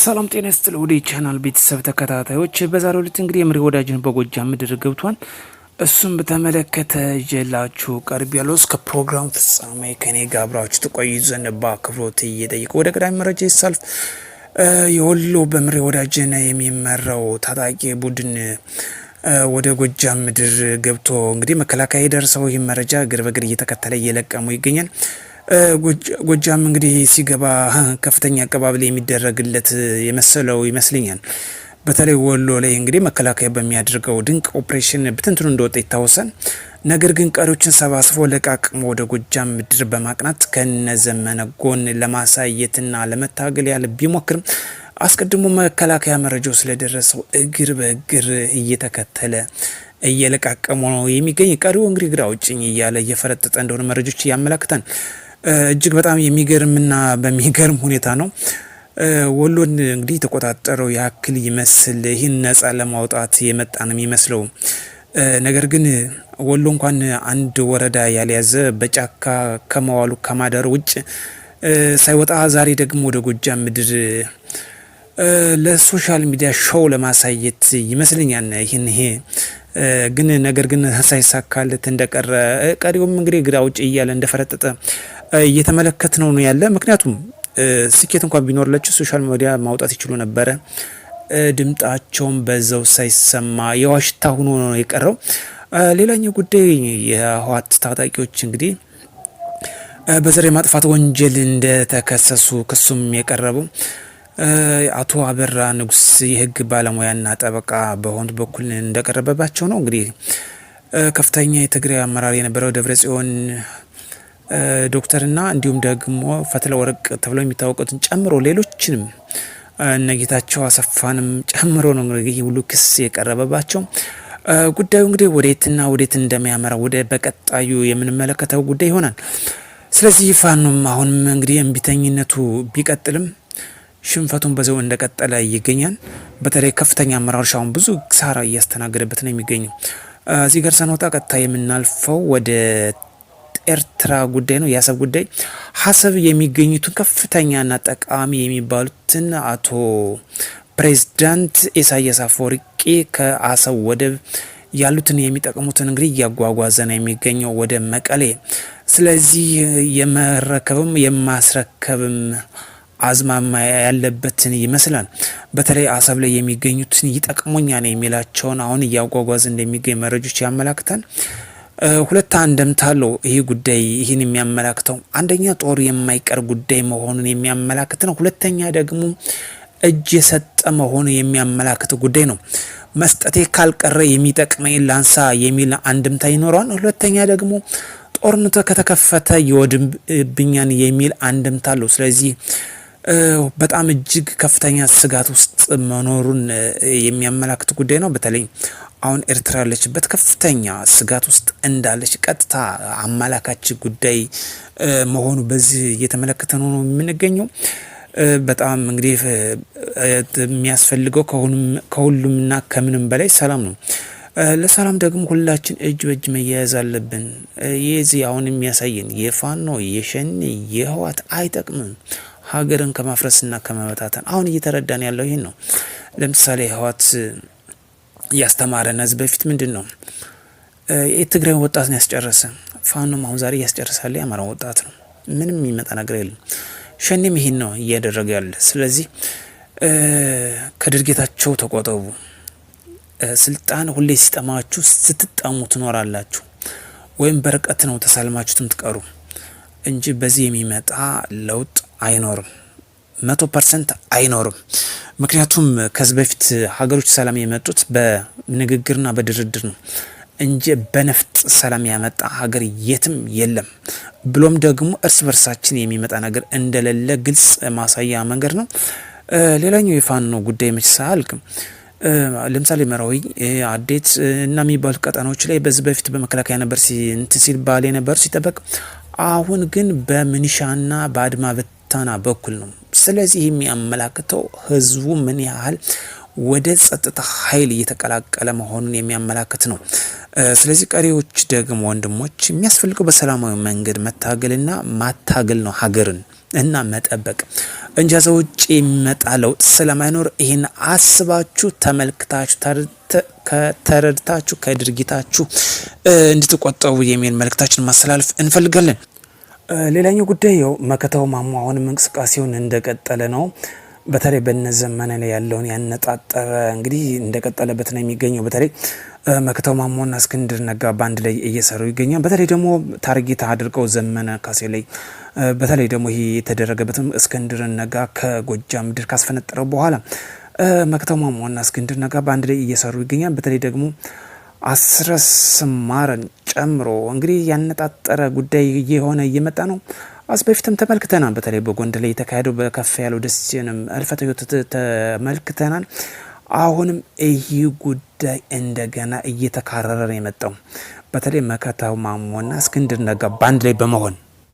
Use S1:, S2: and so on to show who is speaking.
S1: ሰላም ጤና ስጥል ወደ ቻናል ቤተሰብ ተከታታዮች፣ በዛሬው ዕለት እንግዲህ የምሬ ወዳጅን በጎጃም ምድር ገብቷል። እሱም በተመለከተ ጀላችሁ ቀርብ ያለው እስከ ፕሮግራም ፍጻሜ ከኔ ጋር አብራችሁ ትቆዩ ዘንድ በአክብሮት እየጠየቁ ወደ ቀዳሚ መረጃ ይሳልፍ። የወሎ በምሬ ወዳጅን የሚመራው ታጣቂ ቡድን ወደ ጎጃም ምድር ገብቶ እንግዲህ መከላከያ የደረሰው ይህም መረጃ እግር በግር እየተከተለ እየለቀሙ ይገኛል። ጎጃም እንግዲህ ሲገባ ከፍተኛ አቀባበል የሚደረግለት የመሰለው ይመስለኛል። በተለይ ወሎ ላይ እንግዲህ መከላከያ በሚያደርገው ድንቅ ኦፕሬሽን ብትንትኑ እንደወጣ ይታወሳል። ነገር ግን ቀሪዎችን ሰባስቦ ለቃቅሞ ወደ ጎጃም ምድር በማቅናት ከነዘመነ ጎን ለማሳየትና ለመታገል ያለ ቢሞክርም አስቀድሞ መከላከያ መረጃው ስለደረሰው እግር በእግር እየተከተለ እየለቃቀሙ ነው የሚገኝ። ቀሪው እንግዲህ ግራ ውጭኝ እያለ እየፈረጠጠ እንደሆነ መረጆች ያመላክታል። እጅግ በጣም የሚገርምና በሚገርም ሁኔታ ነው ወሎን እንግዲህ የተቆጣጠረው ያክል ይመስል ይህን ነጻ ለማውጣት የመጣ ነው የሚመስለው። ነገር ግን ወሎ እንኳን አንድ ወረዳ ያልያዘ በጫካ ከመዋሉ ከማደር ውጭ ሳይወጣ ዛሬ ደግሞ ወደ ጎጃም ምድር ለሶሻል ሚዲያ ሾው ለማሳየት ይመስለኛል ይህን ይሄ ግን ነገር ግን ሳይሳካለት እንደቀረ ቀሪውም እንግዲህ ግራ ውጭ እያለ እንደፈረጠጠ እየተመለከት ነው ነው ያለ። ምክንያቱም ስኬት እንኳን ቢኖርለችው ሶሻል ሚዲያ ማውጣት ይችሉ ነበረ። ድምጣቸውን በዛው ሳይሰማ የዋሽታ ሆኖ ነው የቀረው። ሌላኛው ጉዳይ የህወሓት ታጣቂዎች እንግዲህ በዘሬ ማጥፋት ወንጀል እንደተከሰሱ ክሱም የቀረበው አቶ አበራ ንጉስ የህግ ባለሙያና ጠበቃ በሆኑት በኩል እንደቀረበባቸው ነው። እንግዲህ ከፍተኛ የትግራይ አመራር የነበረው ደብረ ጽዮን ዶክተርና እንዲሁም ደግሞ ፈትለ ወርቅ ተብለው የሚታወቁትን ጨምሮ ሌሎችንም እነጌታቸው አሰፋንም ጨምሮ ነው እንግዲህ ሁሉ ክስ የቀረበባቸው። ጉዳዩ እንግዲህ ወዴትና ወዴት እንደሚያመራ ወደ በቀጣዩ የምንመለከተው ጉዳይ ይሆናል። ስለዚህ ፋኖም አሁንም እንግዲህ እምቢተኝነቱ ቢቀጥልም ሽንፈቱን በዚያው እንደቀጠለ ይገኛል። በተለይ ከፍተኛ አመራሮች አሁን ብዙ ኪሳራ እያስተናገደበት ነው የሚገኘው። እዚህ ጋር ሰንወጣ ቀጥታ የምናልፈው ወደ ኤርትራ ጉዳይ ነው። የአሰብ ጉዳይ ሀሰብ የሚገኙትን ከፍተኛና ጠቃሚ የሚባሉትን አቶ ፕሬዝዳንት ኢሳያስ አፈወርቂ ከአሰብ ወደብ ያሉትን የሚጠቅሙትን እንግዲህ እያጓጓዘ ነው የሚገኘው ወደ መቀሌ። ስለዚህ የመረከብም የማስረከብም አዝማማ ያለበትን ይመስላል። በተለይ አሰብ ላይ የሚገኙትን ነው የሚላቸውን አሁን እያጓጓዝ እንደሚገኝ መረጆች ያመላክታል። ሁለት አንድምታ አለው ይህ ጉዳይ ይህን የሚያመላክተው አንደኛ ጦር የማይቀር ጉዳይ መሆኑን የሚያመላክት ነው። ሁለተኛ ደግሞ እጅ የሰጠ መሆኑ የሚያመላክት ጉዳይ ነው። መስጠቴ ካልቀረ የሚጠቅመኝ ላንሳ የሚል አንድምታ ይኖረዋል። ሁለተኛ ደግሞ ጦርነቱ ከተከፈተ የወድብኛን የሚል አንድምታ አለው። ስለዚህ በጣም እጅግ ከፍተኛ ስጋት ውስጥ መኖሩን የሚያመላክት ጉዳይ ነው። በተለይ አሁን ኤርትራ ያለችበት ከፍተኛ ስጋት ውስጥ እንዳለች ቀጥታ አመላካች ጉዳይ መሆኑ በዚህ እየተመለከተ ነው ነው የምንገኘው። በጣም እንግዲህ የሚያስፈልገው ከሁሉምና ከምንም በላይ ሰላም ነው። ለሰላም ደግሞ ሁላችን እጅ በእጅ መያያዝ አለብን። የዚህ አሁን የሚያሳየን የፋኖ የሸኔ የህዋት አይጠቅምም። ሀገርን ከማፍረስና ከመበታተን አሁን እየተረዳን ያለው ይህን ነው። ለምሳሌ ህዋት እያስተማረ ህዝብ በፊት ምንድን ነው የትግራይ ወጣት ነው ያስጨረሰ። ፋኖም አሁን ዛሬ እያስጨርሳለ የአማራ ወጣት ነው። ምንም የሚመጣ ነገር የለም። ሸኔም ይሄን ነው እያደረገ ያለ። ስለዚህ ከድርጊታቸው ተቆጠቡ። ስልጣን ሁሌ ሲጠማችሁ ስትጠሙ ትኖራላችሁ፣ ወይም በርቀት ነው ተሳልማችሁ ትምትቀሩ እንጂ በዚህ የሚመጣ ለውጥ አይኖርም። መቶ ፐርሰንት አይኖርም። ምክንያቱም ከዚህ በፊት ሀገሮች ሰላም የመጡት በንግግርና በድርድር ነው እንጂ በነፍጥ ሰላም ያመጣ ሀገር የትም የለም። ብሎም ደግሞ እርስ በርሳችን የሚመጣ ነገር እንደሌለ ግልጽ ማሳያ መንገድ ነው። ሌላኛው የፋኖ ጉዳይ መች ሳልክም ለምሳሌ መራዊ፣ አዴት እና የሚባሉ ቀጠናዎች ላይ በዚህ በፊት በመከላከያ ነበር እንትን ሲባል ነበር ሲጠበቅ፣ አሁን ግን በምንሻና በአድማ በታና በኩል ነው ስለዚህ የሚያመላክተው ህዝቡ ምን ያህል ወደ ጸጥታ ኃይል እየተቀላቀለ መሆኑን የሚያመላክት ነው። ስለዚህ ቀሪዎች ደግሞ ወንድሞች የሚያስፈልገው በሰላማዊ መንገድ መታገልና ማታገል ነው ሀገርን እና መጠበቅ እንጂ ከዛ ውጭ የሚመጣ ለውጥ ስለማይኖር ይህን አስባችሁ ተመልክታችሁ ከተረድታችሁ ከድርጊታችሁ እንድትቆጠቡ የሚል መልእክታችን ማስተላለፍ እንፈልጋለን። ሌላኛው ጉዳይ ያው መከተው ማሞ አሁንም እንቅስቃሴውን እንደቀጠለ ነው። በተለይ በነ ዘመነ ላይ ያለውን ያነጣጠረ እንግዲህ እንደቀጠለበት ነው የሚገኘው። በተለይ መከታው ማሞና እስክንድር ነጋ በአንድ ላይ እየሰሩ ይገኛል። በተለይ ደግሞ ታርጌት አድርገው ዘመነ ካሴ ላይ በተለይ ደግሞ ይሄ የተደረገበትም እስክንድር ነጋ ከጎጃም ምድር ካስፈነጠረው በኋላ መከታው ማሞና እስክንድር ነጋ በአንድ ላይ እየሰሩ ይገኛል። በተለይ ደግሞ አስረስ ማረን ጨምሮ እንግዲህ ያነጣጠረ ጉዳይ እየሆነ እየመጣ ነው። አስ በፊትም ተመልክተናል። በተለይ በጎንደር ላይ የተካሄደው በከፍ ያለው ደሴንም እልፈተ ሕይወት ተመልክተናል። አሁንም ይህ ጉዳይ እንደገና እየተካረረ ነው የመጣው። በተለይ መከታው ማሞና እስክንድር ነጋ በአንድ ላይ በመሆን